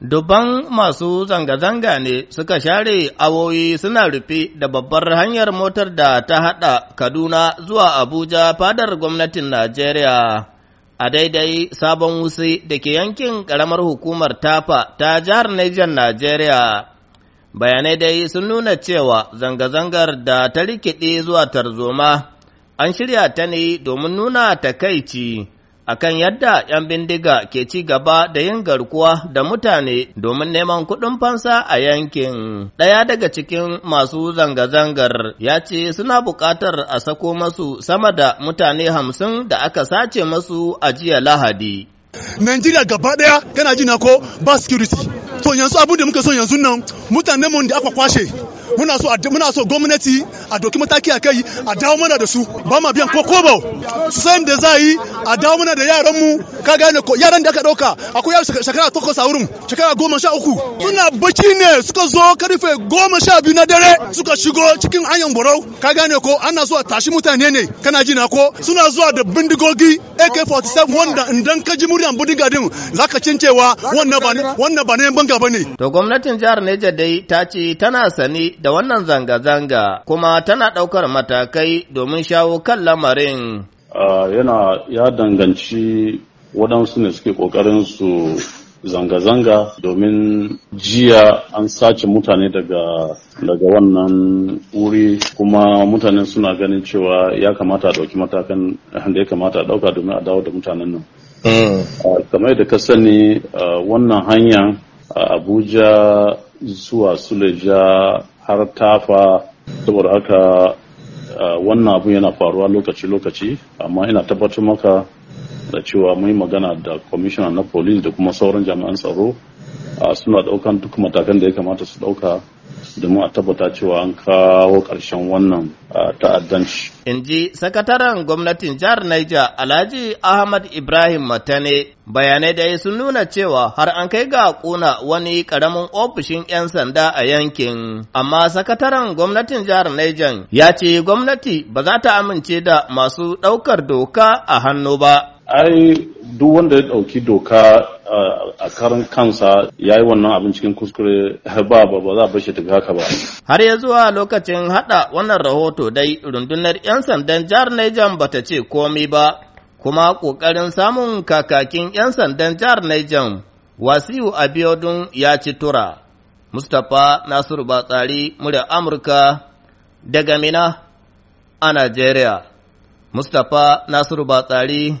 Dubban masu zanga-zanga ne suka share awoyi suna rufe da babbar hanyar motar da ta haɗa Kaduna zuwa Abuja fadar gwamnatin Najeriya. A daidai sabon wusi da ke yankin ƙaramar hukumar Tafa ta jihar nijar Najeriya. Bayanai dai sun nuna cewa zanga-zangar da ta rikide zuwa tarzoma an shirya ta ne domin nuna takaici. akan yadda 'yan bindiga ke ci gaba da yin garkuwa da mutane domin neman kuɗin fansa a yankin. Ɗaya daga cikin masu zanga-zangar ya ce suna buƙatar a sako masu sama da mutane hamsin da aka sace masu a Lahadi. Nigeria gaba ɗaya kana jina ko ba security. To yanzu abin da muka so yanzu nan mutanen mun da aka kwashe muna so muna so gwamnati a doki mataki akai a dawo mana da su ba ma biyan ko kobo su san da za yi a dawo mana da yaran mu ka gane ko yaran da aka dauka akwai yaro shekara takwas a wurin shekara goma sha uku suna baki ne suka zo karfe goma sha biyu na dare suka shigo cikin hanyar borau ka gane ko ana so a tashi mutane ne kana na ko suna zuwa da bindigogi AK47 wanda idan ka ji muryan bindiga din zaka cincewa wannan ba ne wannan ba ne to gwamnatin jihar Niger dai ta ce tana sani da da wannan zanga-zanga kuma tana ɗaukar matakai domin shawo kan lamarin. yana ya danganci waɗansu ne suke ƙoƙarin su zanga-zanga domin jiya an sace mutane daga wannan wuri kuma mutane suna ganin cewa ya kamata a ɗauki matakan da ya kamata a ɗauka domin a dawo da mutanen nan. Mm. kamar da ka sani wannan hanya a abuja zuwa suleja har tafa saboda haka wannan abu yana faruwa lokaci-lokaci amma ina tabbatar maka da cewa mun magana da kwamishina na police da kuma sauran jami'an tsaro suna daukan duk matakan da ya kamata su dauka domin a tabbata cewa an kawo ƙarshen wannan ta'addanci. In ji sakataren gwamnatin jihar Niger Alhaji Ahmad Ibrahim Matane bayanai da sun nuna cewa har an kai ga kuna wani ƙaramin ofishin 'yan sanda a yankin. Amma sakataren gwamnatin jihar Niger ya ce gwamnati ba za ta amince da masu ɗaukar doka a hannu ba. Ai duk wanda ya ɗauki doka a karan kansa ya yi wannan abin cikin kuskure ba ba ba za a bashi ta haka ba. Har ya zuwa lokacin haɗa wannan rahoto dai rundunar 'yan sandan jihar Niger ba ta ce komi ba, kuma ƙoƙarin samun kakakin 'yan sandan jihar Niger Wasiu Abiodun ya ci tura. Mustapha Nasiru Batsari, murya Amurka daga Mina a Najeriya. Mustapha Nasiru Batsari